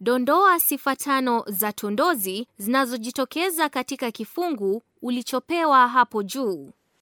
Dondoa sifa tano za tondozi zinazojitokeza katika kifungu ulichopewa hapo juu.